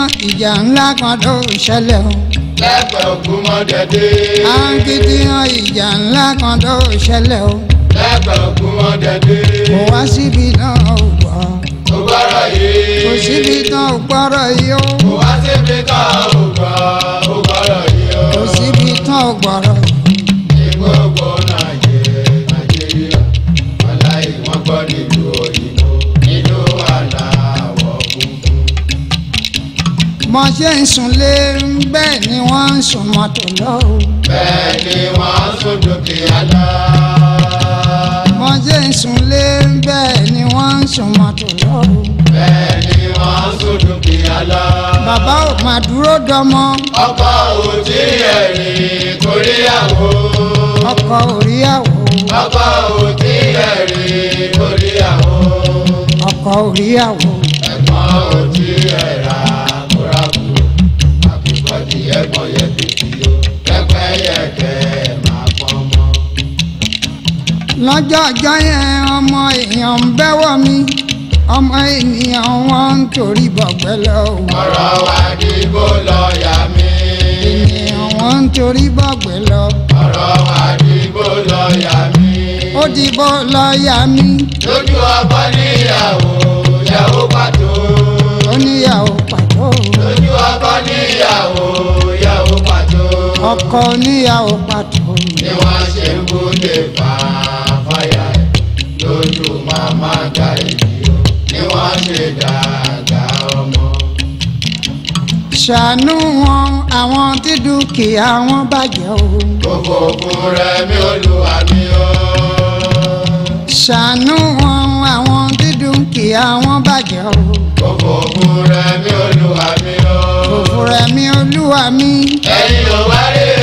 gbọ́n ìjà ńlá kan tó ṣẹlẹ̀ o. lẹ́gbẹ̀ẹ́ ògùn mọ́dẹ̀dẹ́. akitiyan ìjà ńlá kan tó ṣẹlẹ̀ o. lẹ́gbẹ̀ẹ́ ògùn mọ́dẹ̀dẹ́. kò wá síbi náà ò gbọ́. kò gbọ́rọ̀ yìí. kò síbi tán ò gbọ́rọ̀ yìí o. kò wá síbi tán ò gbọ́rọ̀ yìí o. kò síbi tán ò gbọ́rọ̀. mọ ṣe ń sunlé bẹ́ẹ̀ ni wọ́n ń sun mọ́tò lọ. bẹ́ẹ̀ ni wọ́n ń sun dúkìá lọ. mọ ṣe ń sunlé bẹ́ẹ̀ ni wọ́n ń sun mọ́tò lọ. bẹ́ẹ̀ ni wọ́n ń sun dúkìá lọ. bàbá ò mà dúró dọmọ. ọkọ ò tí ẹ̀ rí kóríyàwó. ọkọ ò ríyàwó. ọkọ ò tí ẹ̀ rí kóríyàwó. ọkọ ò ríyàwó. ẹ̀gbọ́n ò tí ẹ̀ rà. lọ́jọ́ ọjọ́ yẹn ọmọ èèyàn ń bẹ́wọ̀ mi ọmọ ènìyàn wọn ń torí bọ̀gbẹ́ lọ. ọ̀rọ̀ wa ni bó lọ yà mí. ènìyàn wọn ń torí bọ̀gbẹ́ lọ. ọ̀rọ̀ wa ni bó lọ yà mí. ó di bó lọ yà mí. lójú ọkọ níyàwó yàwó pàtó. ó níyàwó pàtó. lójú ọkọ níyàwó yàwó pàtó. ọkọ níyàwó pàtó. ni wọ́n ṣe ń kú fà á lójú màmá Gàrí o ni wọ́n ṣe dàgbà ọmọ. ṣàánú wọn àwọn tí dúkìá wọn bàjẹ́ o. gbogbo òkú rẹ mi Olúwa mi o. ṣàánú wọn àwọn tí dúkìá wọn bàjẹ́ o. gbogbo òkú rẹ mi Olúwa mi o. gbogbo rẹ mi Olúwa mi. ẹ̀yin ló wá rí o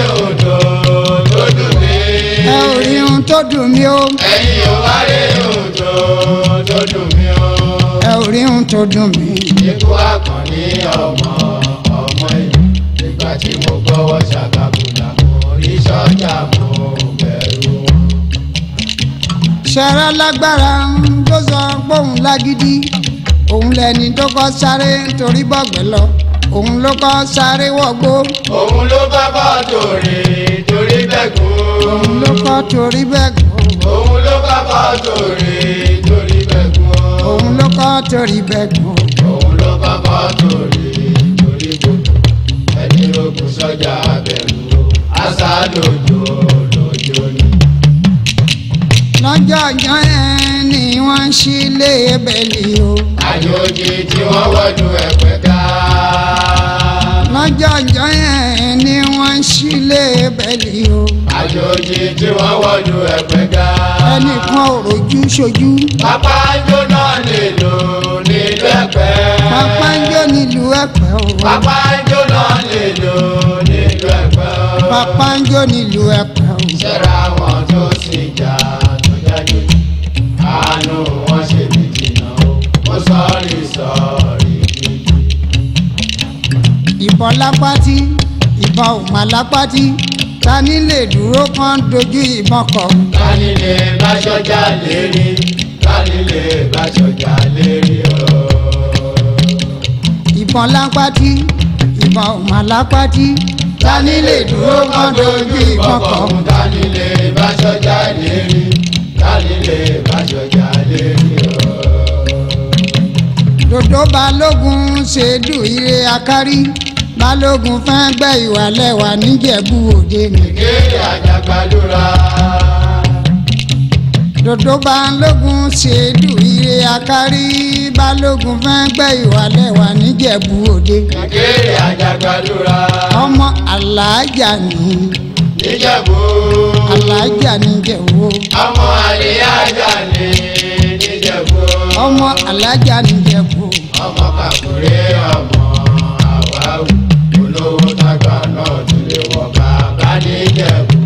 rí ohun tó dùn mí o. ẹ̀yin ò wá rí ohun tó dùn mí o. ẹ ò rí ohun tó dùn mí. ikú àkànní ọmọ ọmọ ìlú nígbà tí mo gbọ́wọ́ ṣàkàbùdà mo rí sọ́jà mo bẹ̀rù. ṣẹ̀rẹ̀ lágbára ló sọ pé òun lágídí òun lẹni tó kọ́ sáré torí bọ́gbẹ́ lọ òun ló kọ́ sáré wọ̀gbó. òun ló kọ́kọ́ torí torí bẹ́gùn. òun ló kọ́ torí bẹ́gùn. òun ló kọ́kọ́ torí torí bẹ́gùn. òun ló kọ́ torí bẹ́gùn. òun ló kọ́kọ́ torí torí bẹ́gùn. ẹni ogun sọ́jà bẹ̀rù aṣáájú lójó ni lọ́jọ́jọ́ yẹn ni wọ́n ṣílé bẹ̀lì o. àjòjì tí wọ́n wọ́jú ẹ̀pẹ́ ká. lọ́jọ́jọ́ yẹn ni wọ́n ṣílé bẹ̀lì o. àjòjì tí wọ́n wọ́jú ẹ̀pẹ́ ká. ẹnìkan ò rojú ṣojú. pápá jó náà lè lò nílùú ẹ̀pẹ́. pápá jó nílùú ẹ̀pẹ́ o. pápá jó náà lè lò nílùú ẹ̀pẹ́ o. pápá jó nílùú ẹ̀pẹ́ o. ṣẹ́ra wọn tó sì jà àánú wọn ṣe mí jìnnà o wọn sọrí sọrí mi. ìbọn lápátí ìbọn ò má lápátí ta ni lè dúró kán dojú ìbọn kọ. ta ni lè bá ṣọ́jà lérí ta ni lè bá ṣọ́jà lérí o. ìbọn lápátí ìbọn ò má ta ni dúró kán dojú ìbọn kọ. ta ni bá ṣọ́jà lérí ta ni lè bá ṣọ́jà lérí dòdò balógun ṣèdù ire akárí balógun fẹ́ gbẹ́ ìwà lẹ́wà níjẹ̀bú òde ni. ìkéde àjàgbàdúrà. dòdò balógun ṣèdù ire akárí balógun fẹ́ gbẹ́ ìwà lẹ́wà níjẹ̀bú òde. ìkéde àjàgbàdúrà. ọmọ aláàjà ni. níjẹ̀bú. aláàjà níjẹ̀bú. ọmọ àlè ájà ni níjẹ̀bú. ọmọ alájà níjẹ̀bú. ọmọ kàkúrẹ́ ọmọ àwáwù olówó tágbà náà tún lè wọ bàbá níjẹ̀bú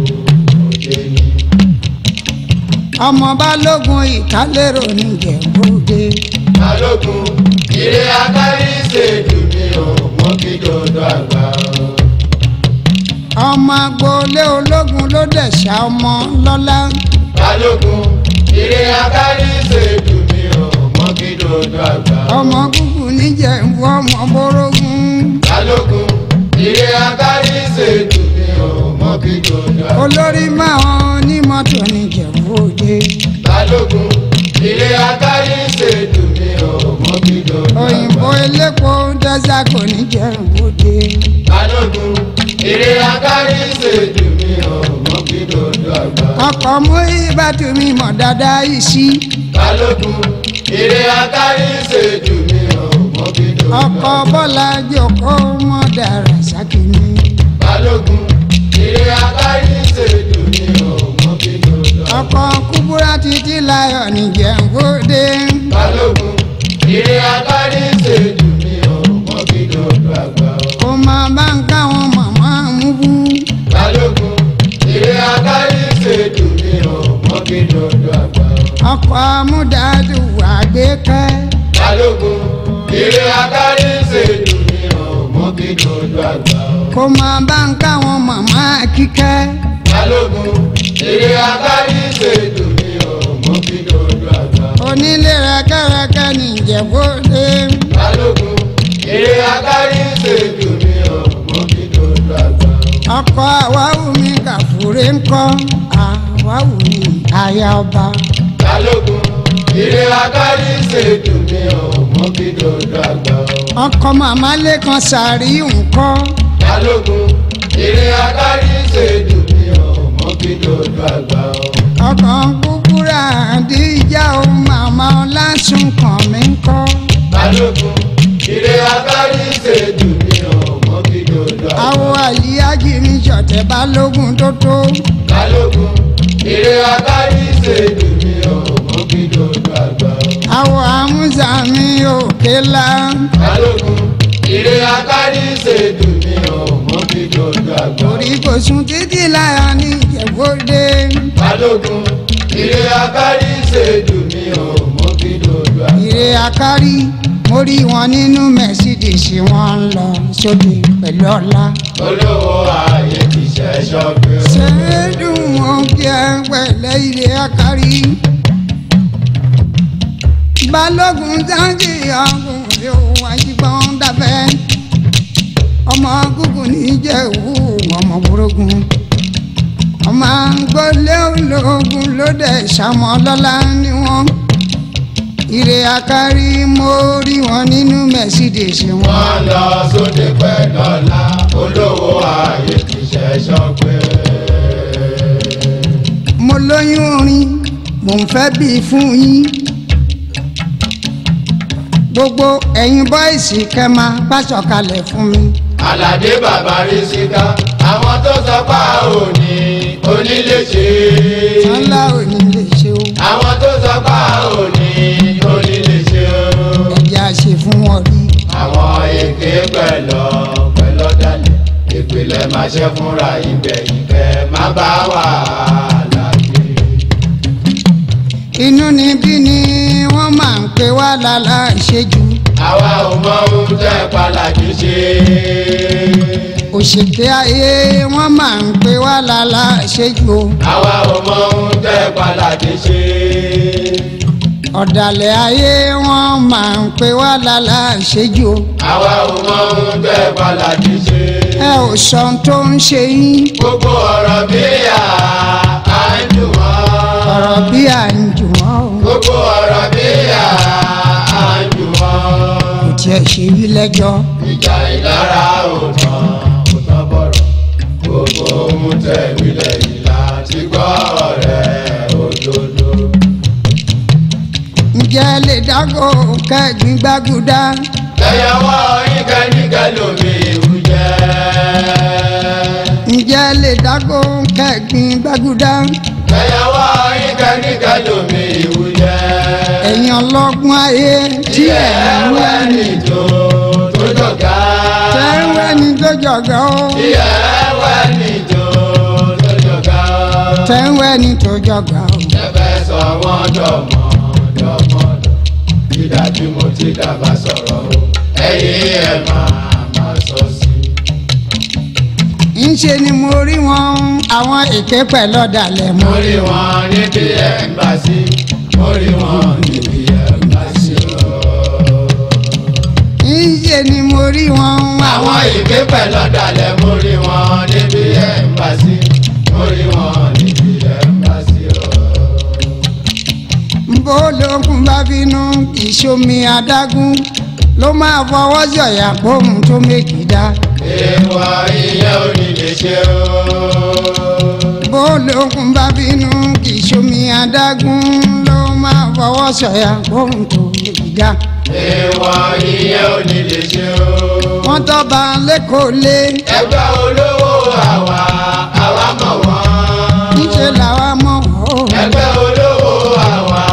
òde ni. ọmọ balógun ìkálérò níjẹ̀bú dé. balógun ìrè akárí ṣèdù mi ò mú kí dodo àgbà o. ọmọ agboolé ológun ló dẹ̀ ṣá ọmọ lọ́lá. balógun ìrè akárí ṣèdù ló dàgbà. ọmọ kúkú níjẹ̀ ń fọ́ ọmọ bórógún. balógun ìrè akárí ṣètò mi ò mọ kí ló dàgbà. olórí máa ń ní mọ́tò níjẹ̀bú òde. balógun ìrè akárí ṣètò mi ò mọ kí ló dàgbà. òyìnbó elépo dẹ́sà kò níjẹ̀bú òde. balógun ìrè akárí ṣètò mi ò mọ kí ọkọ̀ mú ibà tún mi dáadáa yìí sí. balógun ire akárí ṣèjú mi ò mọ bí dòdò. ọkọ bọ́lá jòkó mọ dàrá ṣákì mi. balógun ire akárí ṣèjú mi ò mọ bí dòdò. ọkọ kúbúrá títí láyọ̀ nìjẹ̀ǹgóde. balógun ire akárí ṣèjú. kó máa bá ń káwọn màmá kíkẹ́. balógun eré agbárí ṣètò mi ò mú kí dodo àgbà. onílé rakaraka nìjẹ̀bú dé. balógun eré agbárí ṣètò mi ò mú kí dodo àgbà. ọkọ àwáwù mi kàfúré ń kọ́ àwáwù mi àyà ọba. balógun eré agbárí ṣètò mi ò mú kí àgbà. ọkọ màmá lẹ́kan sàrí nǹkan balógun ìrìn agbárí ṣèlú mi ò mọ́ bí dodo àgbà o. ọkàn kúkúrà àdíjà ó màmá ọlásùn kàn mí kọ́. balógun ìrìn agbárí ṣèlú mi ò mọ́ bí dodo àgbà o. àwọ̀ àyíyájì ní ṣọ̀tẹ̀ balógun tó tó. balógun ìrìn agbárí ṣèlú mi ò bí dodo àgbà o. àwọ̀ àmúzà mi ò kéla. balógun ìrìn agbárí ṣèlú mi mi ò mọ bí tó dàgbà. orí kò sùn títí lára ní ìjẹ̀bọ́dé. balógun ire akárí ṣèdù mi ò mọ bí tó dàgbà. ire akárí mo rí wọn nínú Mercedes wọn ń lọ sóde pẹ̀lú ọlá. olówó ààyè ti ṣẹ̀ṣọ́ pé. ṣẹ́ẹ́dùn wọn kí ẹ pẹ̀lẹ́ ire akárí balógun jáde ọkùnrin òun àjíbọn dábẹ́ ọmọ gúgùn ní jẹ̀wú ọmọ burúkún ọmọ gbọ́lé ológun ló dẹ̀ ṣàmọ́ lọ́lá ni wọ́n ire akari mo rí wọn nínú Mercedes wọn. wọ́n lọ sóde pẹ́ lọ́la olówó ààyè kì í ṣe ṣọ́gbẹ́. mo lóyún orin mò ń fẹ́ bí fún yín gbogbo ẹ̀yin bọ́ìsì kẹ́ máa pàṣọ kalẹ̀ fún mi. Àlàdé bàbá Rísíká àwọn tó sọ pa òní onílé ṣe. sọlá onílé ṣe o. àwọn tó sọ pa òní onílé ṣe o. ẹ̀jẹ̀ àṣẹ fún wọn rí. àwọn èké pẹ̀lọ́ pẹ̀lọ́ dalẹ̀ ìpìlẹ̀ máa ṣe fúnra ìgbẹ̀yìn kẹ́ má bá wà láàyè. inú ni bí ni wọ́n máa ń pè wá lálá ìṣẹ́jú àwa ò mọ ohun tẹ́ pàlàjì ṣe. òṣìkè ayé wọn máa ń pè wá lálá ṣéjò. àwa ò mọ ohun tẹ́ pàlàjì ṣe. ọ̀dàlẹ̀ ayé wọn máa ń pè wá lálá ṣéjò. àwa ò mọ ohun tẹ́ pàlàjì ṣe. ẹ ò sọ ohun tó ń ṣe yín. gbogbo ọ̀rọ̀ bí á ń dùn ọ̀rọ̀ bí ń dùn gbogbo ọ̀rọ̀ bí a tẹ ṣe wí lẹ́jọ́. ìjà ìlara ò tán ò tán bọ̀rọ̀ gbogbo ohun tẹ wí lẹ́yìn láti gbọ́ ọ̀rẹ́ òdodo. ǹjẹ́ lè dágò kẹ́gbin gbágudá. kẹyàwó ìkẹ́ níkẹ́ lómi ìwú jẹ́. ǹjẹ́ lè dágò kẹ́gbin gbágudá. kẹyàwó ìkẹ́ níkẹ́ lómi ìwú jẹ́ ẹ̀yin ọlọ́gbọ́n ayé tí ẹ̀ ń wẹ́ ní tó tó jọ̀gá. tẹ́ ń wẹ́ ní tó jọ̀gá o. tí ẹ̀ wẹ́ ní tó tó jọ̀gá. tẹ́ ń wẹ́ ní tó jọ̀gá o. ẹ̀fẹ̀ sọ wọ́n dọ̀mọ́ dọ̀mọ́ dídá tí mo ti dàgbà sọ̀rọ̀ o ẹ̀yin ẹ̀ máa máa sọ sí i. ńṣe ni mo rí wọn àwọn èké pẹ̀lú ọ̀dàlẹ̀ mọ́. mo rí wọn níbi ẹ̀ ń gbà sí i orí wọn níbi ẹ̀ka ni mo rí wọn. Àwọn ìgbé pẹ̀lú ọ̀dàlẹ̀ mo rí wọn níbi ẹ̀ka sí. Mo rí wọn níbi ẹ̀ka sí o. Bólókun bá bínú ìṣomi adágún ló máa fọwọ́ sọ̀yà pòun tó méjì dá. ìyá orí ṣe o bólókun bá bínú kì í ṣomi adágún lọ máa fọwọ́ sọ̀yà gbóhùn tó lè já. ìwọ ìyẹn ò ní lè ṣe o. wọ́n tọ́ba lẹ́kọ̀ọ́ lé. ẹgbẹ́ olówó àwa àwa mọ̀ wọ́n. níṣẹ́ làwa mọ̀ wọ́n. ẹgbẹ́ olówó àwa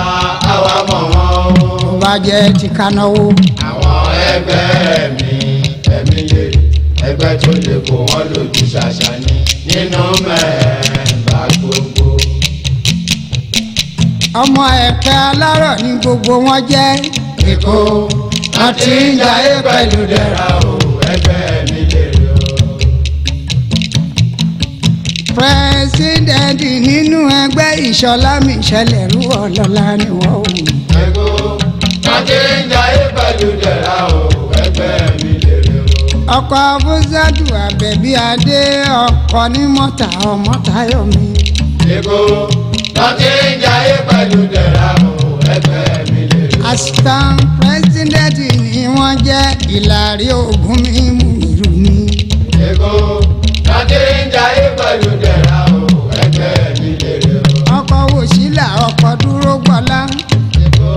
àwa mọ̀ wọ́n. ó bá jẹ́ ti kanáwó. àwọn ẹgbẹ́ mi ẹ̀mí lè ẹgbẹ́ tó lè kó wọn lójú ṣàṣà ni nínú mẹ́ẹ̀. ọmọ ẹ̀pẹ́ alárọ̀ ni gbogbo wọn jẹ́. èkó àti ìjàyè pẹ̀lú dẹ́ra o ẹgbẹ́ mi lè lọ. pírẹsidẹ́ǹtì nínú ẹgbẹ́ ìṣọlá mi ṣẹlẹ̀ rú ọlọ́lá ni wọ́n o. èkó àti ìjàyè pẹ̀lú dẹ́ra o ẹgbẹ́ mi lè lọ. ọkọ abúzádù àbẹ̀bí adé ọkọ ní mọ́tà ọmọ táyọ̀ mi. èkó tọ́tí ń jayé pẹ̀lú dẹ̀ra o ẹgbẹ́ mi lè rí. astan president ni wọ́n jẹ́ Ìlàrí Ògún mi mú ìlú ni. èkó tọ́tí ń jayé pẹ̀lú dẹ̀ra o ẹgbẹ́ mi lè rí. ọkọ̀ wòṣílà ọkọ̀ dúró gbọ́lá. èkó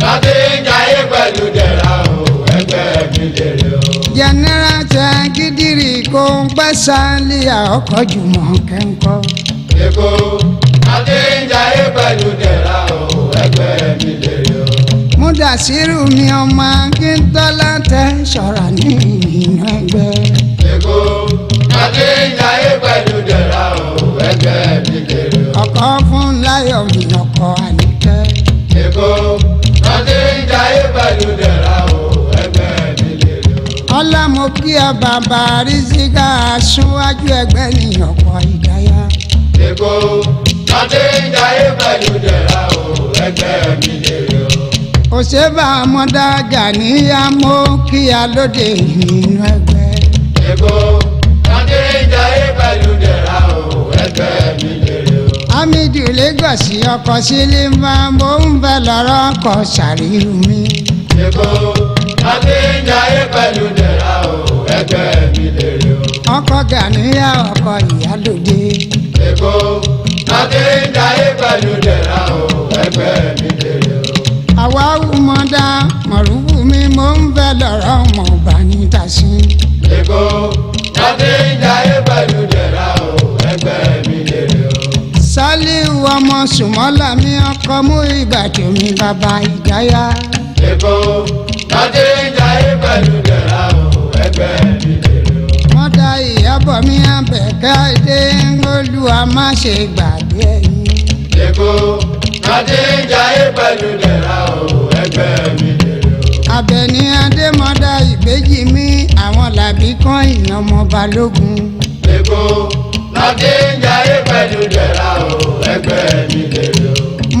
tọ́tí ń jayé pẹ̀lú dẹ̀ra o ẹgbẹ́ mi lè rí. jẹnẹra tẹ gidiri kó ń gbẹ́sà lé ọkọ̀ jùmọ̀ kẹ́ńkọ́. èkó adé ń jayé pẹ̀lú mi ọmọ Akíntọ́lá tẹ ṣọ́ra ní ìyìn ẹgbẹ́. Èkó adé ń dẹ̀ra o ẹgbẹ́ mi lè Ọkọ fún láyọ̀ mi ọkọ àníkẹ́. Èkó adé ń jayé dẹ̀ra o ẹgbẹ́ mi lè yọ. Ọlá mo kí ẹ ẹgbẹ́ ní ọkọ̀ ìdáyà. Èkó ọdẹ ń jayé pẹ̀lú dẹ̀ra o ẹgbẹ́ mi lèrè o. òṣèbà ọmọdájà níyà mọ kíyà lóde nínú ẹgbẹ́. èbó ọdẹ ń jayé pẹ̀lú dẹ̀ra o ẹgbẹ́ mi lèrè o. Hamidu Lagos ọkọ sílé máa mọ ń bẹ lọ́rọ̀ ọkọ ṣàríyù mi. èbó ọdẹ ń jayé pẹ̀lú dẹ̀ra o ẹgbẹ́ mi lèrè o. ọkọ Gàníyà ọkọ ìyálóde. èbó ọmọdé ń jayé pẹ̀lú dẹ̀ra o ẹgbẹ́ mi lèrè o. àwa arúmọdá mọ̀rúwú mi mò ń bẹ lọ́rọ̀ mọ̀ bá ní tàṣí. o ẹgbẹ́ mi lèrè o. sálíù ọmọ mi ọkọ mú ìgbà tèmi bàbá ìgáyà. èkó ọmọdé ń jayé pẹ̀lú dẹ̀ra bọ̀ mí àbẹ̀ká dé olúwa má ṣe gbàgbé ẹ̀yìn. èkó kàdé jayé pẹ̀lú dẹ̀ra o ẹgbẹ́ mi lèrè o. Àbẹ̀ní Adémọ́dá ìbejì mi àwọn làbí kan ìnàmọ́ balógun. èkó kàdé jayé pẹ̀lú dẹ̀ra o ẹgbẹ́ mi lèrè o.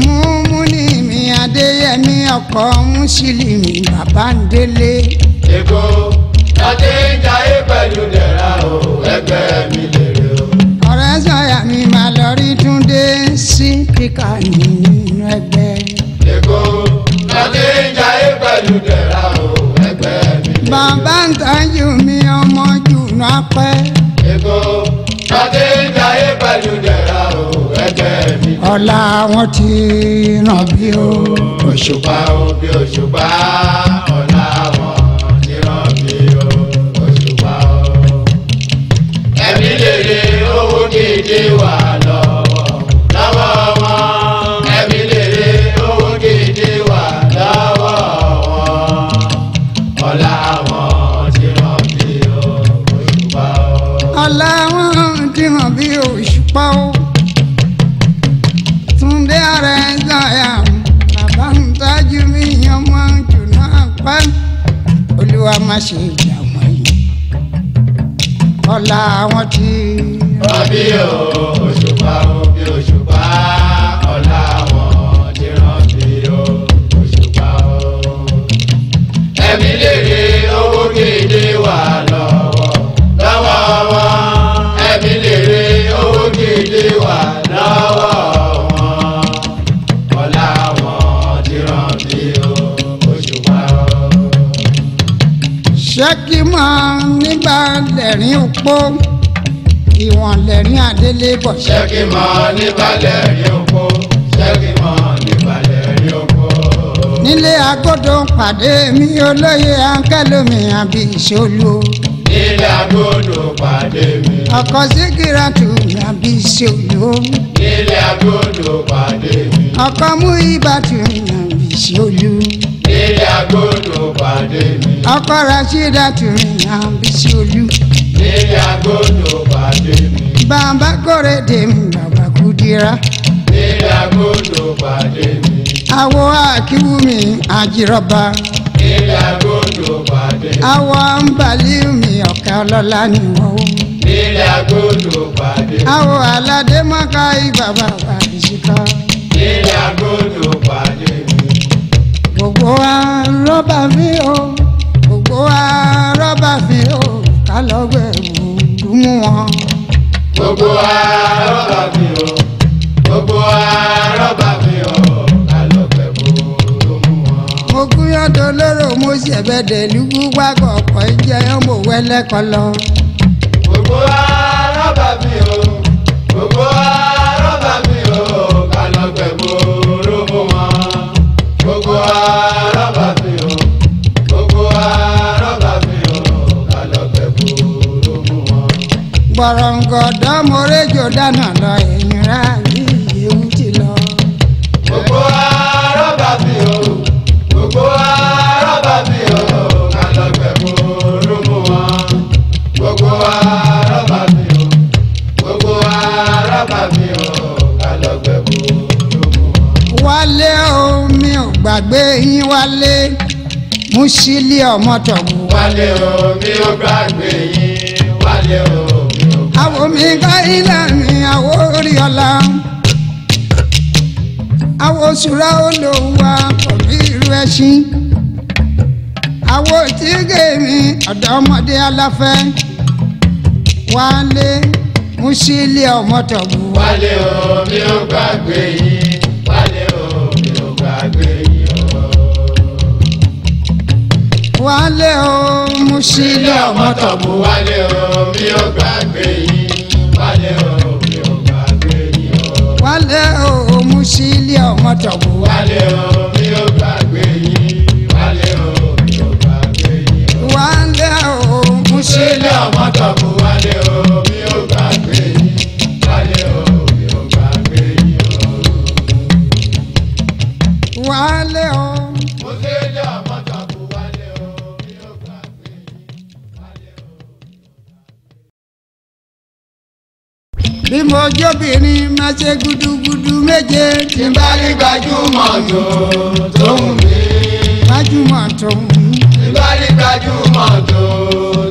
múmú ni mi Adéyẹmí ọkọ Mùsùlùmí bàbá ń délé. èkó kàdé jayé pẹ̀lú dẹ̀ra o ẹgbẹ́ mi lèrè o. ọ̀rẹ́ sọ̀yà mi máa lọ rí Túndé sí píkà nínú ẹgbẹ́. èkó láti ń jayé pẹ̀lú dẹ̀ra o ẹgbẹ́ mi lèrè o. bàbá ń tọ́jú mi ọmọ jù náà pẹ́. èkó láti ń jayé pẹ̀lú dẹ̀ra o ẹgbẹ́ mi lèrè o. ọ̀la wọn ti ràn bí o. òṣùpá o bí òṣùpá. méjì wà lọ́wọ́ lọ́wọ́ wọn. ẹbí lèrè owó gidi wà lọ́wọ́ wọn. ọ̀la wọn ti hàn bí òṣùpá o. ọ̀la wọn ti hàn olúwa má ṣe ìjà wọ̀nyí. ọ̀la wọn ti bí o bí òṣùpá o òṣùpá o. ẹ̀mí lèrè owó kéde wà lọ́wọ́ lọ́wọ́ wọn o òṣùpá o. ṣé kí máa nígbà lẹ́rìn-ín pọ́ délé bọ̀. ṣé kí n máa ní balẹ̀ rí oko ṣé kí n nílé agodo ń pàdé mi olóyè ankẹ́lómi àbí ìṣolú. nílé agodo pàdé mi. ọkọ síkírà tù mí àbí ìṣolú. nílé agodo pàdé mi. ọkọ mú ibà tù mí àbí ìṣolú. nílé agodo pàdé mi. ọkọ rasídà tù mí àbí ìṣolú. nílé agodo pàdé mi bàbá kórèdè mi bàbá Kúdírà. nígbà gbọdọ pàdé mi. àwọ Akínwùmí àjírọba. nígbà gbọdọ pàdé mi. àwọ Àǹbálímì ọ̀kà ọlọ́lá ni wọ́n wò. nígbà gbọdọ pàdé mi. àwọ aládé mọ́ká ìbàbà àbísíkọ́. nígbà gbọdọ pàdé mi. gbogbo wa rọ́bà mi o gbogbo wa rọ́bà mi o ká lọ gbẹ̀rù dùnmú wọn gbogbo arọ́bà mi o gbogbo arọ́bà mi o alọ́pẹ̀bù ló mú wọn. mo gúnyọ́dọ̀ lóró mo ṣẹ̀bẹ̀dẹ̀ lùgbù wákọ̀ ìjẹun mo wẹ́lẹ́kọ̀ lọ. gbogbo arọ́bà sílẹ̀ ọmọtọ̀gù. wálé o mi ò gbàgbé yín wálé o mi ò gbàgbé. àwọn mi ká ilé mi àwọ̀ orí ọ̀la àwọn sùrà olówó àkọ́bí irú ẹṣin àwọn tíge mi ọ̀dọ́mọdé aláfẹ́ wálé mú sílẹ̀ ọmọtọ̀gù. wálé o mi ò gbàgbé yín. wálé o mú sílẹ̀ ọmọ tó mú wálé o mi ò gbàgbé yín wálé o mi ò gbàgbé yín o. wálé o mú sílẹ̀ ọmọ tó mú wálé o. ojóbìnrin máa ṣe gudugudu méje. tí n bá rí gbajúmọ̀ tó tó wù mí. gbajúmọ̀ tó wù mí. tí n bá rí gbajúmọ̀ tó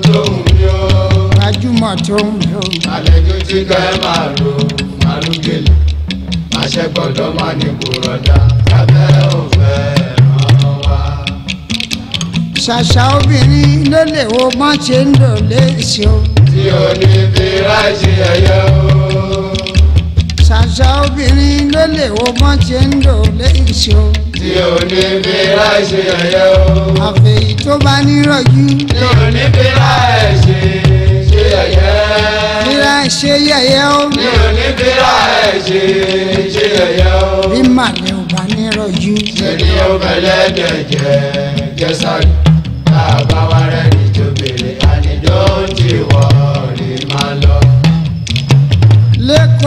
tó wù mí o. gbajúmọ̀ tó wù o. àlejò tí kẹ́ ẹ máa ro màlúgẹ̀lì máa ṣe gbọ́dọ̀ máa ní kúrọ̀dá lábẹ́ òfẹ́ ràn wá. ṣàṣà obìnrin ló lè wo bọ́n ṣe ń lò léṣe o tí ò ní fi ráṣẹ ẹyọ. ṣàṣà obìnrin ló lè wo bọ́n ṣe ń lò lẹ́yìn ṣó. tí ò ní fi ráṣẹ ẹyọ. àfẹ̀yí tó bá nírọ̀jú. tí ò ní fi ráṣẹ ṣe ẹyẹ ṣe yẹ̀yẹ́ o. mi ò ní bíra ṣe ṣe o. bí màlẹ́ ò bá ní ṣe ni ó bẹ̀lẹ́ dẹ̀ jẹ́ jẹ́ sáré.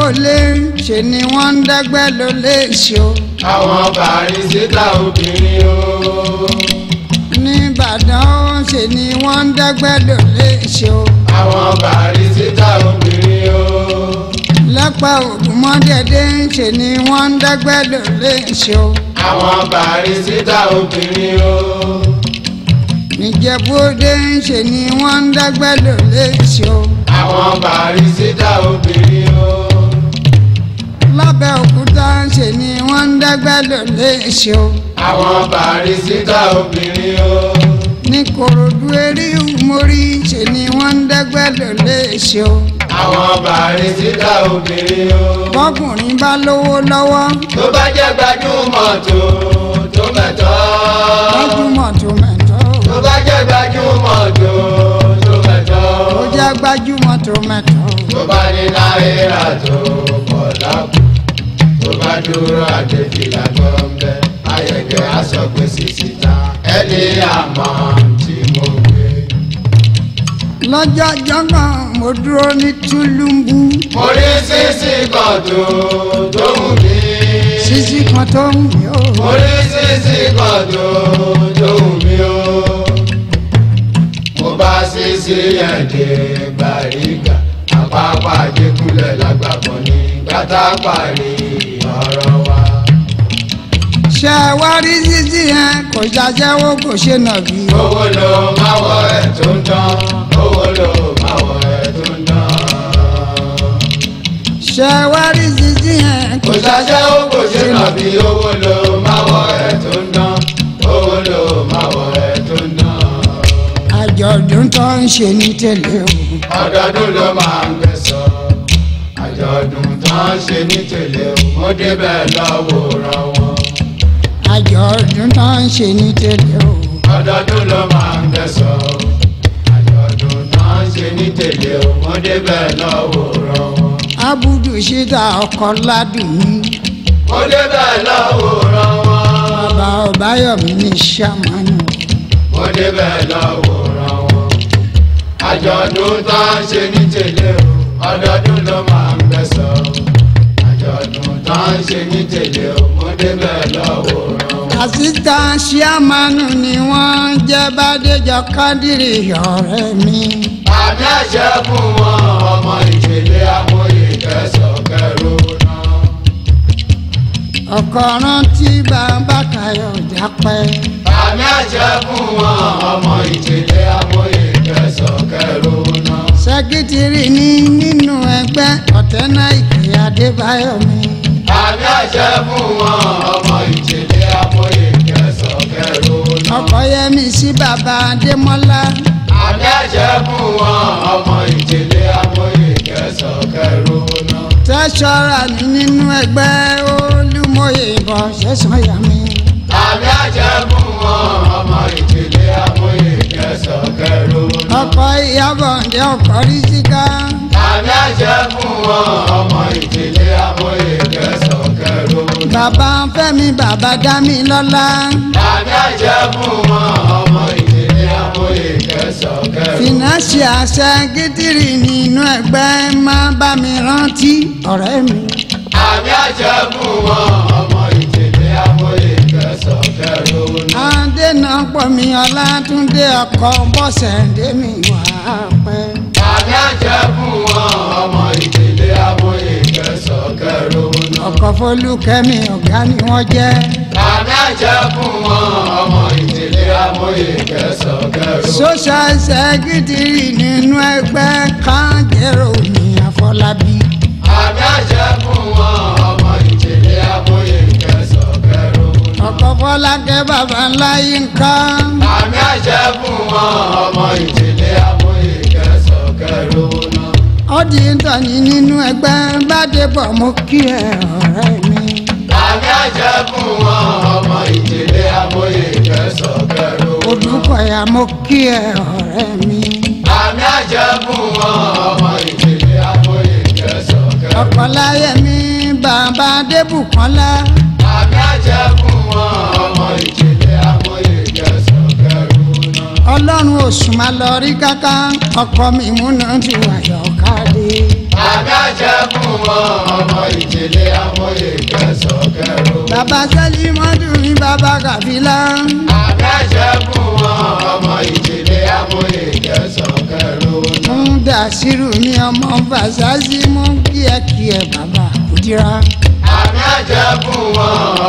lólè ṣe ni wọ́n ń dẹ́gbẹ́ lólè ṣe o. àwọn bàrísítà obìnrin o. nìbàdàn ṣe ni wọ́n ń dẹ́gbẹ́ lólè ṣe o. àwọn bàrísítà obìnrin o. lọ́pọ̀ ògùnmọ́dẹ́dẹ́ ṣe ni wọ́n ń dẹ́gbẹ́ lólè ṣe o. àwọn bàrísítà obìnrin o. ìjẹ̀bú ṣe ni wọ́n ń dẹ́gbẹ́ lólè ṣe o. àwọn bàrísítà obìnrin o lábẹ́ òkúta ń ṣe ni wọ́n ń dẹ́gbẹ́ lòlẹ́ ṣe o. àwọn bàrísítà obìnrin o. ní korodu eríu mórí ṣe ni wọ́n ń dẹ́gbẹ́ lòlẹ́ ṣe o. àwọn bàrísítà obìnrin o. bọ́kùnrin bá lówó lọ́wọ́. tó bá jẹ́ gbajúmọ̀ tó tó mẹ́tọ́. gbajúmọ̀ tó mẹ́tọ́. tó bá jẹ́ gbajúmọ̀ tó tó mẹ́tọ́. ó jẹ́ gbajúmọ̀ tó mẹ́tọ́. tó bá ní náírà tó kọ̀ bó bá dúró àdéfìlà gbọ́ngbẹ́ ayẹ̀kẹ́ á sọ pé sìsì ta ẹni àmọ́ tí mo gbé. lọ́jọ́ jọ́nà mo dúró ní túlùmbù. mo rí sísì kan tó tó mú mi. sísì kan tó mú mi o. mo rí sísì kan tó tó mú mi o. mo bá sísì yẹn dé gbàrígbà àpapọ̀ àjẹkùlẹ̀ lágbàbọ̀ ní gbàtà parí sọ̀rọ̀ wa. ṣé ẹ wá rí títí yẹn kò jàjẹ́wọ́ kò ṣe nà bí. owó ló máa wọ ẹ̀ tó ń tán owó ló máa wọ ẹ̀ tó ń tán. ṣé ẹ wá yẹn kò jàjẹ́wọ́ kò ṣe nà owó ló máa wọ ẹ̀ tó ń tán owó ló máa wọ ẹ̀ tó ń tán. àjọ̀dún tó ń ṣe ní tẹ̀lé o. ọ̀dọ́dún ló máa ń máa ń ṣe ní tèlé ó débẹ̀ láwòrán wọn. àjọ̀dún náà ń ṣe ní tèlé o. ọdọọdún ló máa ń dẹ́sọ̀ o. àjọ̀dún náà ń ṣe ní tèlé o ó débẹ̀ láwòrán wọn. abudu ṣíta ọkọ ládùn. ó débẹ̀ láwòrán wọn. bàbá ọbáyọ̀mí ní sàmánù. ó débẹ̀ láwòrán wọn. àjọ̀dún tá a ṣe ní tèlé o ọdọọdún ló máa ń dẹ́sọ̀ tá ń ṣe ní tèlé ọmọdé bẹ́ẹ̀ láwòrán. kàṣítà ṣíàmánù ni wọ́n jẹ́ bàdéjọ kádìrì ọ̀rẹ́ mi. àmì àṣẹ fún wọn ọmọ ìṣẹ̀lẹ̀ amóye kẹsàn-án kẹrù náà. ọ̀kọ̀ọ̀rán tí bàbá kayọ̀ jápẹ́. àmì àṣẹ fún wọn ọmọ ìṣẹ̀lẹ̀ amóye kẹsàn náà. sẹ́kítírì ní nínú ẹgbẹ́ ọ̀tẹ́náìkì adébáyọ̀ mi àmì àṣẹ fún wọn ọmọ ìjìnlẹ̀ amóye kẹsàn kẹrù náà. ọkọyẹmí sí bàbá adémọlá. àmì àṣẹ fún wọn ọmọ ìjìnlẹ̀ amóye kẹsàn kẹrù náà. tẹ́sọ̀rọ̀ nínú ẹgbẹ́ olúmọ̀yé bọ̀ ṣẹ̀ṣọ̀ yà mí àmì àjẹmú wọn ọmọ ìdílé amóye kẹsàn kẹrù. ọkọ ìyàbọ̀ ǹdẹ́ ọkọ̀ rí síká. àmì àjẹmú wọn ọmọ ìdílé amóye kẹsàn kẹrù. bàbá fẹ́mi bàbá dámi lọ́lá. àmì àjẹmú wọn ọmọ ìdílé amóye kẹsàn kẹrù. fìnáṣì àṣẹ gídírì nínú ẹgbẹ́ máa bá mi rántí ọ̀rẹ́ mi. àmì àjẹmú wọn ọmọ. náà pọ̀ mi Ọlátúndé ọkọ̀ bọ́sẹ̀ dé mi wá pẹ́. Tàbí àjẹ́ fún wọn ọmọ ìdílé abóyè kẹsàn-kẹrò náà. Ọkọ̀ Folúkẹ́mi ọ̀gá ni wọ́n jẹ́. Tàbí àjẹ́ fún wọn ọmọ ìdílé abóyè kẹsàn-kẹrò. Social secretary nínú ẹgbẹ́ kan jẹ́rò ní Afọlábí. Tàbí àjẹ́ fún wọn. ọkọ fọlákẹ́ bàbá ńlá yín kan. àmì àṣẹ fún wọn ọmọ ìdílé amóye kẹsànkẹrò náà. ó di ntọ́ni nínú ẹgbẹ́ bá dé bọ̀ mú kí ẹ ọ̀rẹ́ mi. àmì àṣẹ fún wọn ọmọ ìdílé amóye kẹsànkẹrò náà. olùkọ́yà mú kí ẹ ọ̀rẹ́ mi. àmì àṣẹ fún wọn ọmọ ìdílé amóye ọ̀pọ̀láyẹmí bàbá débùkọ́lá. bàbá jẹ́kùn wọn ọmọ ìjìnlẹ̀ amóye gẹ̀ẹ́sọ̀ kẹrù náà. ọlọ́run òṣùmá lọ rí káká ọkọ mi múná ti wà yọ adájẹ́kùn ọmọ ìdílé amóye kẹsàn kẹrò. bàbá sẹ́lí mọ́dún ní bàbá kàfílà. adájẹ́kùn ọmọ ìdílé amóye kẹsàn kẹrò. mú dàsírù ní ọmọ fàṣásí mú kíákíá bàbá òdìrá. adájẹ́kùn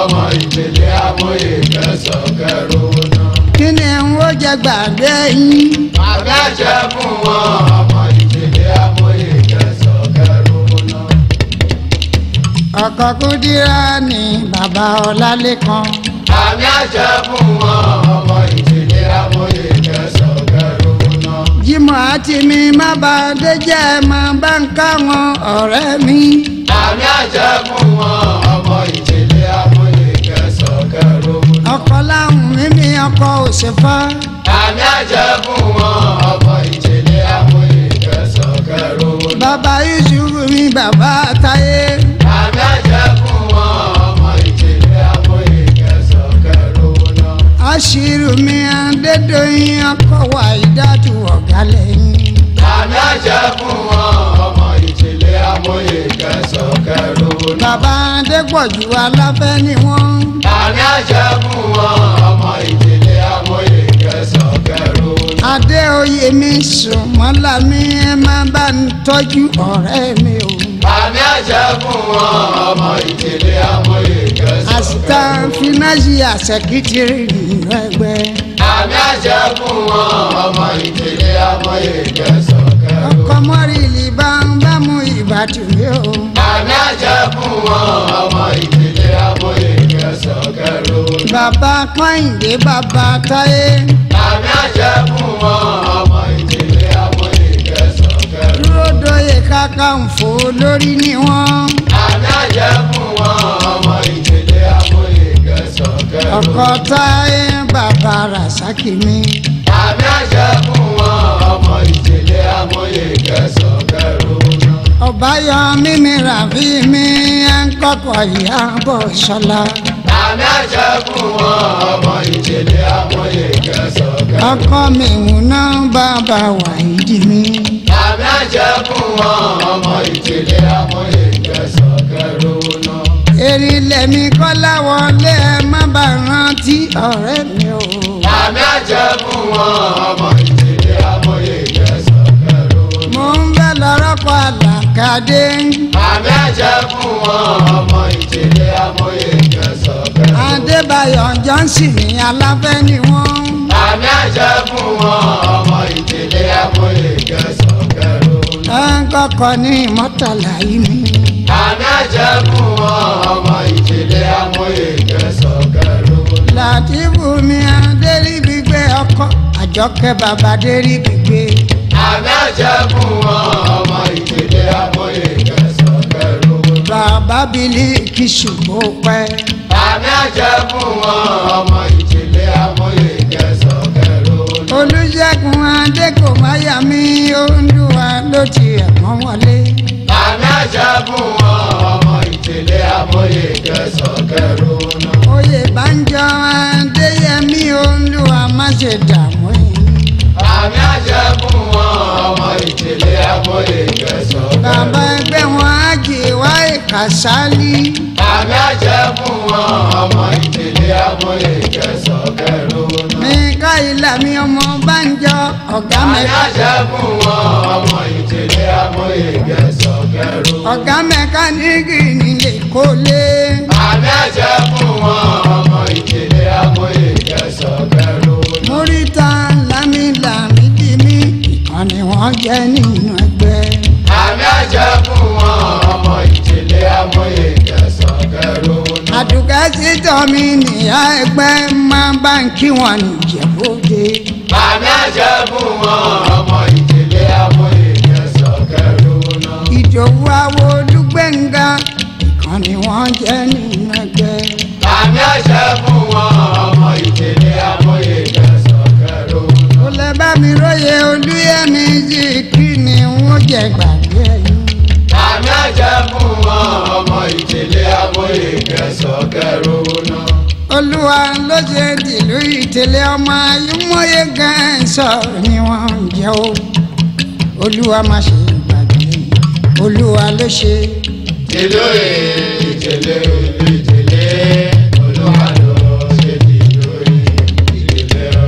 ọmọ ìdílé amóye kẹsàn kẹrò náà. kí ni n ó jẹ gbàgbé yín. adájẹ́kùn ọmọ ìdílé amóye kẹsàn kẹrò. ọkọ kúdírà ni bàbá ọlálẹ́kan. àmì àjẹkùn wọn ọmọ ìjìnlẹ̀ amóye kẹsàn-án gẹ̀rùn náà. Jímọ̀ àti mi má bà dé jẹ́ máa bá ń ká wọn ọ̀rẹ́ mi. àmì àjẹkùn wọn ọmọ ìjìnlẹ̀ amóye kẹsàn-án gẹ̀rùn náà. ọkọ láhùn mímí ọkọ òṣèfà. àmì àjẹkùn wọn ọmọ ìjìnlẹ̀ amóye kẹsàn-án náà. bàbá yìí ṣubú mi bàbá àtàyè. Bashiru mi Adédoyin akọ̀wà ìdájú ọ̀gá lẹ́yìn. Àmì àṣẹ fún wọn ọmọ ìjìnlẹ̀ amóye kẹsàn kẹrùn. Bàbá Adépọ̀jù aláfẹ́ ni wọ́n. Àmì àṣẹ fún wọn ọmọ ìjìnlẹ̀ amóye kẹsàn kẹrùn. Adéoyè mi sùn mọ́lá mi ẹ máa bá ń tọ́jú ọ̀rẹ́ mi o àmì àṣẹkùn wọn ọmọ ìtẹ̀lé amóye kẹsàn-án. àṣìta fínájì àṣẹkìtìrì nínú ẹgbẹ́. àmì àṣẹkùn wọn ọmọ ìtẹ̀lé amóye kẹsàn-án kẹrù. ọkọ mọ́rí ìlì bá ń bá mú ìbàdí rẹ o. àmì àṣẹkùn wọn ọmọ ìtẹ̀lé amóye kẹsàn-án kẹrù. bàbá kọ́hìndé bàbá táyé. àmì àṣẹkùn wọn ọmọ. alákànfò lórí ni wọ́n. aláyẹ̀ fún wọn ọmọ ìdílé àbóyè gẹ̀ẹ́sọ̀gẹ̀. ọkọ táyé bàbá rasaki mi. aláyẹ̀ fún wọn ọmọ ìdílé àbóyè gẹ̀ẹ́sọ̀gẹ̀ rúnà. ọ̀báyọ̀mí mi ràbí mi ẹ̀ ń kọ́kọ́ ìyá bọ̀ ṣọlá àmì àṣẹ fún wọn ọmọ ìdílé amóye kẹsàn-án. ọkọ mi ń ná bàbá wàyí di mi àmì àjẹkùn wọn ọmọ ìjìnlẹ̀ amóye ìjẹsọ̀ kẹrù náà. èrè lẹ́mi kọ́ láwọn lẹ́ ẹ má bà rántí ọ̀rẹ́ mi o. àmì àjẹkùn wọn ọmọ ìjìnlẹ̀ amóye ìjẹsọ̀ kẹrù náà. mo ń bẹ lọ́rọ́pọ̀ àlàkàdé. àmì àjẹkùn wọn ọmọ ìjìnlẹ̀ amóye ìjẹsọ̀ kẹrù náà. adébáyọ̀ johnson ní aláfẹ́ ni wọ́n. àmì àjẹkùn wọn ọmọ kọ́kọ́ ní mọ́tàlá yìí ni. anájẹkùn ọmọ ìjìnlẹ̀ amóye kẹsàn kẹrùn. látìbù mi adérí gbígbé ọkọ àjọkẹ́ bàbá dérí gbígbé. anájẹkùn ọmọ ìjìnlẹ̀ amóye kẹsàn kẹrùn. bàbá bílí kìsùn kó pẹ́. anájẹkùn ọmọ ìjìnlẹ̀ amóye àwọn adékòmáyà mi ó ń dùn wá ló ti ẹ̀mọ́ wọlé. àná ṣàbùn wọn ọmọ ìtẹ̀lé amóye kẹsàn-án kẹrù náà. oyè banjọ adéyẹmí ó ń dùn wá má ṣe dààmú yìí. àmì àṣẹkùn wọn ọmọ ìtẹ̀lé amóye kẹsàn-án kẹrù. bàbá ẹgbẹ́ wọn á kì í wá ìkàsálí. àmì àṣẹkùn wọn ọmọ ìtẹ̀lé amóye kẹsàn-án kẹrù mi kọ́ ilà mi ọmọ Bánjọ ọ̀gá mẹ́ka. aláṣẹ́gun wọn ọmọ ìtìlẹ̀ amóye gẹ̀ẹ́sọ̀ kẹrù. ọ̀gá mẹkáníìkì nílé kó lé. aláṣẹ́gun wọn ọmọ ìtìlẹ̀ amóye gẹ̀ẹ́sọ̀ kẹrù. múrítà lámìlàmì dì mí ìkànnì wọn jẹ nínú ẹgbẹ́. aláṣẹ́gun wọn ọmọ ìtìlẹ̀ amóye gẹ̀ẹ́sọ̀ kẹrù. àdùkẹ́ sí tọ́mi nìyá ẹgbẹ́ ń kí wọn ní ìjẹ̀bú òde. bàmí àjẹbù wọn ọmọ ìdílé àwọn èèyàn sọ̀kẹ́rù náà. ìjòwú awo olúgbẹ̀ngà ìkànnì wọn jẹ́ nínú ẹgbẹ́. bàmí àjẹbù wọn ọmọ ìdílé àwọn èèyàn sọ̀kẹ́rù náà. olè bá mi róye olúyẹmí yìí kí ni wọ́n jẹ gbàgbé yìí àmì àjẹmú wọn ọmọ ìjìnlẹ̀ amóye kẹsàn-án kẹrù náà olúwa ló ṣe dìlú ìtẹ̀lé ọmọ ayúmọ̀ye gan sọ̀rọ̀ ni wọ́n ń jẹ́ o olúwa má ṣe gbàgbé olúwa ló ṣe. ìlú ìtẹ̀lé ìlú ìtẹ̀lé olúwa ló ṣe dìlú ìtẹ̀lé o.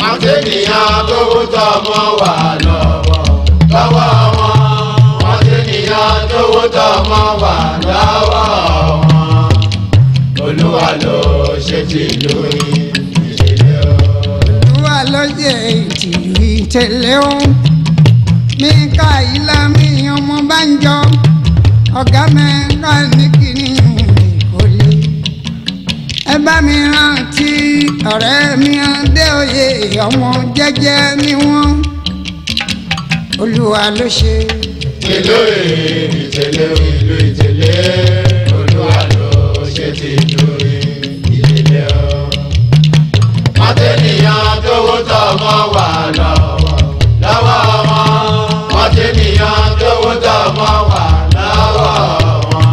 màtẹ́nìyàn tó kú tọ́ ọmọ wà lọ́wọ́ lọ́wọ́ wọn màtẹ́nìyàn tó kú tọ́ ọmọ wà lọ́wọ́ wọn olúwa ló ṣe tìlú ìtẹ̀lẹ́ o. olúwa ló ṣe tìlú ìtẹ̀lẹ́ o. mi ka ìlà mi ọmọ bá ń jọ ọ̀gá mi ká ní kíní ìkórè. ẹ bá mi rántí ọ̀rẹ́ mi dé òye ọmọ jẹ́jẹ́ ni wọ́n. olúwa ló ṣe. ìlú ìtẹ̀lẹ́ ìlú ìtẹ̀lẹ́. tẹ́nìyàn tówó tọmọ wà lọ́wọ́ lọ́wọ́ wọn. wọ́n tẹ́nìyàn tówó tọmọ wà lọ́wọ́ wọn.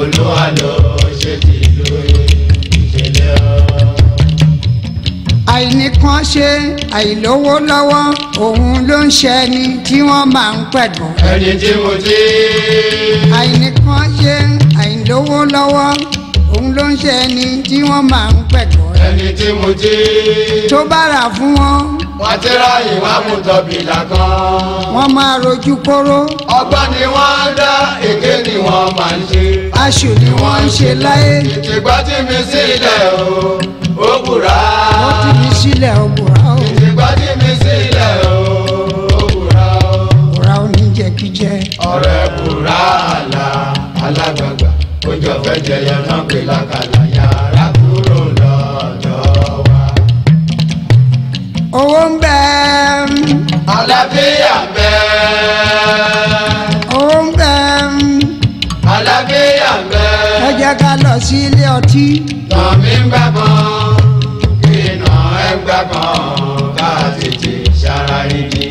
olúwa ló ṣe tìlú ìṣẹ̀lẹ̀ ọ. àìníkan ṣe àìlówó lọ́wọ́ òun ló ń ṣẹni tí wọ́n máa ń pẹ̀gàn. ẹni tí mo ti. àìníkan ṣe àìlówó lọ́wọ́ òun ló ń ṣẹni tí wọ́n máa ń pẹ̀gàn ẹni tí mo jí. tó bá rà fún wọn. wọ́n ti ra ìwà mú tọ́bìlà kan. wọ́n máa rojú kóró. ọgbọ́n ni wọ́n ń dá èké ni wọ́n máa ń ṣe. aṣù ni wọ́n ń ṣe láyé. ìtìgbà tí mi sílẹ̀ o ó bùrà. wọ́n ti mi sílẹ̀ o bùrà o. ìtìgbà tí mi sílẹ̀ o ó o. bùrà o ní jẹkíjẹ. ọ̀rẹ́ bùrà àlà alágbàgbà ó jọ fẹ́ jẹyọ náà pé lákàlà àlàáfíà ń bẹ. ó ń bẹ. àlàáfíà ń bẹ. ẹ jẹ́ ká lọ sí ilé ọtí. tọ̀mí ń bá kan iná ẹ gbà kan ká tètè ṣara ìdí.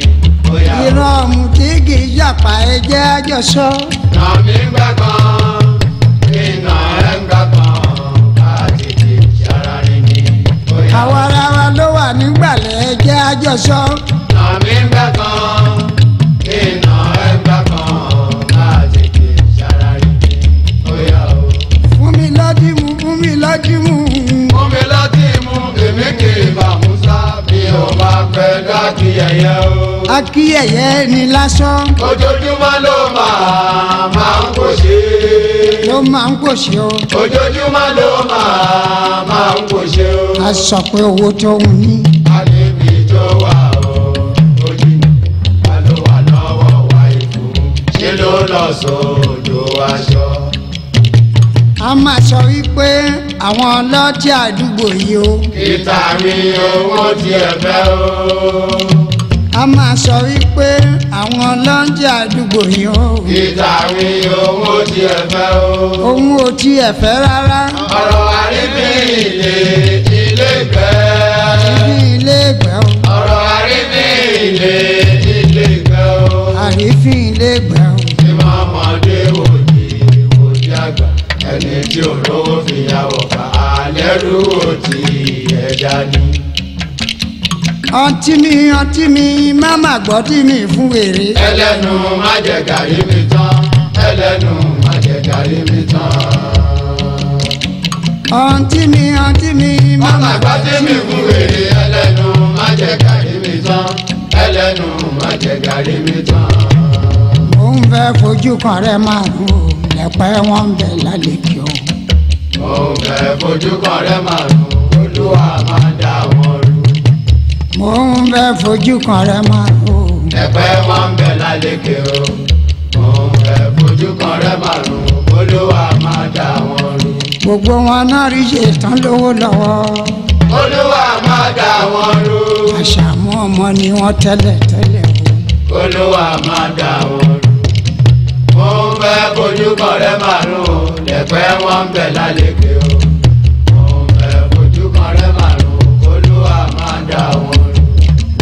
ìran ọ̀hún tí kì í yàpá ẹ àjọṣọ. tọ̀mí ń bá kan iná ẹ gbà kan ká tètè ṣara ìdí. àwa ara wa ló wà nígbàlẹ̀ ẹ àjọṣọ. ọba pẹ̀lú àkíyẹ̀yẹ o. àkíyẹ̀yẹ ni lásán. ojoojúmọ́ ló máa máa ń kò ṣe. ló máa ń kò ṣe o. ojoojúmọ́ ló máa máa ń kò ṣe o. a sọ pé owó tó ń ní. wa ló wà lọ́wọ́ wa ikú ṣé ló lọ sọ òjò aṣọ. a máa sọ wípé àwọn ọlọ́tí àdúgbò yìí o. ìta mi owó tiẹ̀ fẹ́ o. a máa sọ wípé àwọn ọlọ́tí àdúgbò yìí o. ìta mi owó tiẹ̀ fẹ́ o. òun ò tiẹ̀ fẹ́ rárá. ọ̀rọ̀ àrífín ilé ilé ìgbẹ́. àrífín ilé ìgbẹ́ o. ọ̀rọ̀ àrífín ilé ìgbẹ́ o. àrífín ìgbẹ́ o. ẹni tí ò lówó fi yàwọ̀ fà á lẹ́rú òtí ẹja ni. àǹtí mi àǹtí mi má má gbọ́ tí mi fún wèrè. ẹlẹ́nu má jẹ gàrí mi tán ẹlẹ́nu má jẹ gàrí mi tán. àǹtí mi àǹtí mi má má gbọ́ tí mi fún wèrè ẹlẹ́nu má jẹ gàrí mi tán ẹlẹ́nu má jẹ gàrí mi tán. mo ń fẹ́ fojú kan rẹ̀ máa kú àrẹ̀pẹ́ wọn ń bẹ lálejò. mo ń bẹ fojú kan rẹ márùn-ún olúwa máa dá wọn rú. mo ń bẹ fojú kan rẹ márùn-ún. ẹ̀pẹ́ wọn ń bẹ lálejò. mo fojú kan rẹ márùn-ún olúwa máa dá wọn rú. gbogbo wọn náà rí ṣe tán lówó lọ́wọ́. olúwa máa dá wọn rú. àṣà mọ́ ọmọ ni wọ́n tẹ́lẹ̀ tẹ́lẹ̀ o. olúwa máa dá wọn rú fẹ́ kojú kọ̀rẹ́ màrún lẹ́pẹ́ wọn ń bẹ̀ lálẹ́gbẹ̀ o. mo fẹ́ kojú kọ̀rẹ́ màrún kólúwa máa dá wọn rú.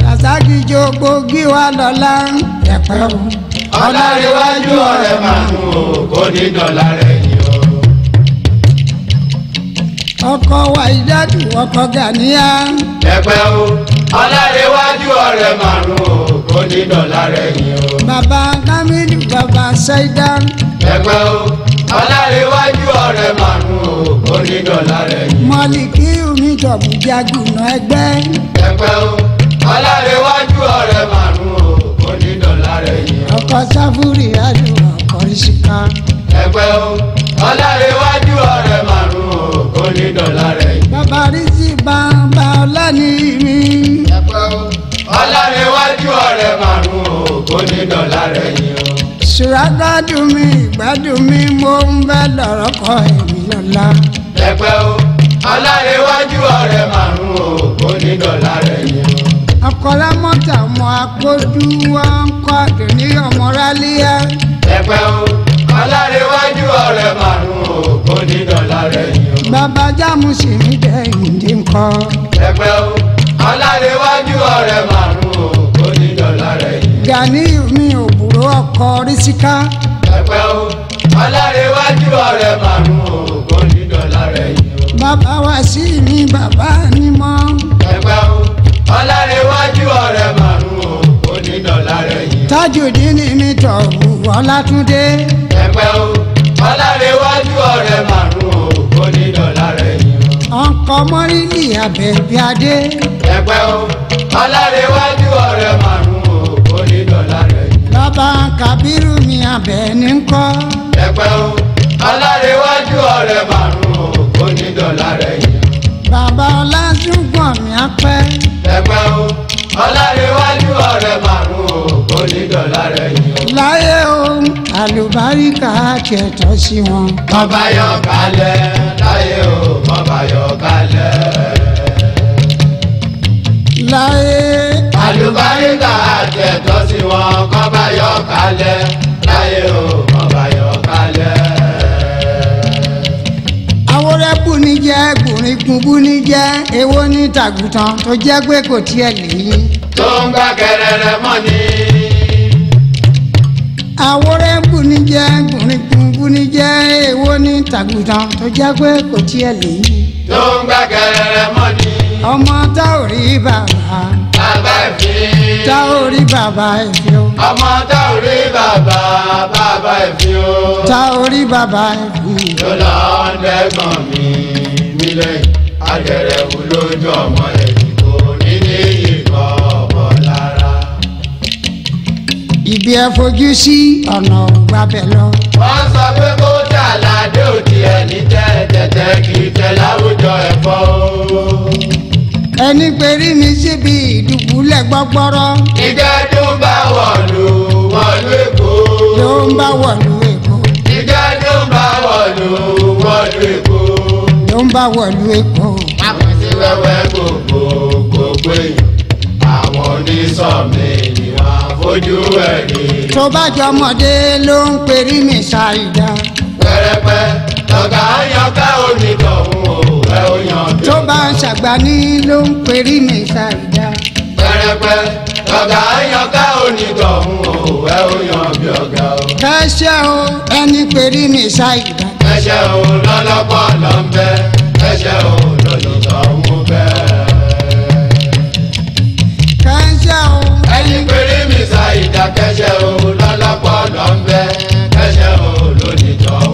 rasaki jogbo ní dọ̀là rẹ̀ yìí o. ọkọ̀ wa ìdádùn ọkọ̀ gàníyà. lẹ́pẹ́ o ọ̀làdéwájú ọ̀rẹ́ márùn-ún kò ní dọ̀là rẹ̀ yìí o. bàbá lámìnì bàbá ṣẹ́dán. ẹgbẹ́ o ọ̀làdéwájú ọ̀rẹ́ márùn-ún kò ní dọ̀là rẹ̀ yìí. mọ̀lìkì omi jọ̀bù jágùnà ẹgbẹ́. ẹgbẹ́ o ọ̀làdéwájú ọ̀rẹ́ márùn-ún kò ní dọ̀là rẹ̀ yìí. ọkọ sáfúrì adùn ọkọ ìṣìkà. ẹgbẹ́ o ọ̀làdéwájú ọ̀rẹ́ márùn kò ní dọ̀là rẹ̀ yìí. bàbá rí sí bàbá ọlá ní ìlú rẹ márùn-ún o kò ní dọ̀là rẹ yìí o. ṣùgbọ́n mi ìgbádùn mi mo ń bẹ́ dọ̀rọ̀ kọ èmi lọ́la. pẹpẹ o ọlárẹwájú ọ̀rẹ́ márùn-ún o kò ní dọ̀là rẹ yìí o. ọkọlá mọ́tà mọ akójú wọn ń kọ́ àdùnní ọmọ rálíyá. pẹpẹ o ọlárẹwájú ọ̀rẹ́ márùn-ún o kò ní dọ̀là rẹ yìí o. bàbá jáàmù sì ń dẹ́yìn dín kọ́. pẹpẹ o ọlárẹwájú ọ̀rẹ́ márùn-ún àní mi ò búrò ọkọ rísíká. pẹpẹ o ọlárẹwájú ọ̀rẹ́ márùn ògùn dídọlá rẹ yìí bàbá wa sí mi bàbá ni mọ. pẹpẹ o ọlárẹwájú ọ̀rẹ́ márùn ògùn dídọlá rẹ yìí o. ni mi tọ̀ wù Ọlátúndé. pẹpẹ o ọlárẹwájú ọ̀rẹ́ márùn ògùn dídọlá rẹ yìí ọkọ mọ́rí ni àbẹ̀bí adé. pẹpẹ o ọlárẹwájú ọ̀rẹ́ márùn. Ọlárẹ̀wájú. Bàbá kabiru ni Àbẹ̀ní ń kọ́. Ẹ̀pẹ́ o, Ọlárẹ̀wájú ọ̀rẹ́ márùn-ún kò ní Ọlárẹ̀yìn. Bàbá Ọlásùngbọ̀n mi á pẹ́. Ẹ̀pẹ́ o, Ọlárẹ̀wájú ọ̀rẹ́ márùn-ún kò ní Ọlárẹ̀yìn. Láyé o, àlùbáríkà ṣẹ̀tọ́ sí wọn. Bàbá yọ̀ kalẹ̀ láyé o, bàbá yọ̀ kalẹ̀. Láyé àlùbáríkà àjẹtọ́ sí wọn kọ́ bá yọ kalẹ̀ láyé o kọ́ bá yọ kalẹ̀. àwòrẹ́bù ní jẹ́ gbòrìgbùnbù ní jẹ́ èwo ní tàgùtàn tó jẹ́ pé kò tiẹ̀ lèyí. tó ń gbá kẹrẹrẹ mọ́ ni. àwòrẹ́bù ní jẹ́ gbòrìgbùnbù ní jẹ́ èwo ní tàgùtàn tó jẹ́ pé kò tiẹ̀ lèyí. tó ń gbá kẹrẹrẹ mọ́ ni. ọmọ tá ò rí bàbá bàbá ìfín. tá ò rí bàbá ìfín o. ọmọ tá ò rí bàbá bàbá ìfín o. tá ò rí bàbá ìfín. ló lọ ọ̀ndẹ́gbọ̀n mi mílẹ̀ àgẹ̀rẹ̀ wù lójú ọmọ ẹ̀yìn kò ní ní ìkọ́ ọmọ lára. ibi ẹ fojú sí ọ̀nà ògbàbẹ̀ lọ. wọ́n sọ pé kó dà ládé òdì ẹni tẹ́ tẹ́tẹ́ kì í tẹ láwùjọ ẹ̀fọ́ o ẹni perí mi síbi ìdùbúlẹ̀ gbọ́gbọ́rọ́. ìjà tó ń bá wọ̀lú wọ̀lú èkó. tó ń bá wọ̀lú èkó. ìjà tó ń bá wọ̀lú wọ̀lú èkó. tó ń bá wọ̀lú èkó. wọ́n ti wẹ́wẹ́ gbogbo gbogbo èèyàn àwọn onísọ̀mí ni wọ́n fojú ẹ̀ rí. tó bá jọ ọmọdé ló ń perí mi ṣàìdá. pẹrẹpẹ lọgàá yọká onítọ̀hún pẹrẹpẹ ó yan bí. tó bá ṣàgbá ní ló ń perí ní ṣàìdá. pẹrẹpẹ ọ̀gá yanká onítọ̀hún o ẹ ó yan bí ọ̀gá o. kẹsẹ́ o ẹni perí ní ṣàìdá. kẹsẹ́ o lọ́lọ́pọ̀ lọ́ ń bẹ́ kẹsẹ́ o lọ́lọ́tọ̀hún bẹ́. kẹsẹ́ o ẹni perí ní ṣàìdá kẹsẹ́ o lọ́lọ́pọ̀ lọ́ ń bẹ́ kẹsẹ́ o lónìtọ̀hún.